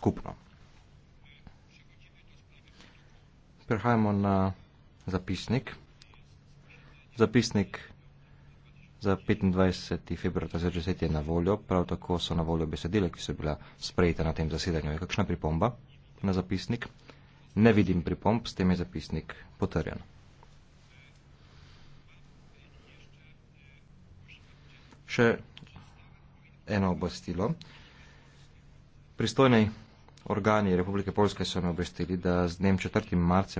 skupno. Prehajamo na zapisnik. Zapisnik za 25. februar 2010 je na voljo, prav tako so na voljo besedile, ki so bila sprejeta na tem zasedanju. Je kakšna pripomba na zapisnik? Ne vidim pripomb, s tem je zapisnik potrjen. Še eno obvestilo. Pristojni Organi Republike Polske so me obvestili, da z dnem 4. marcem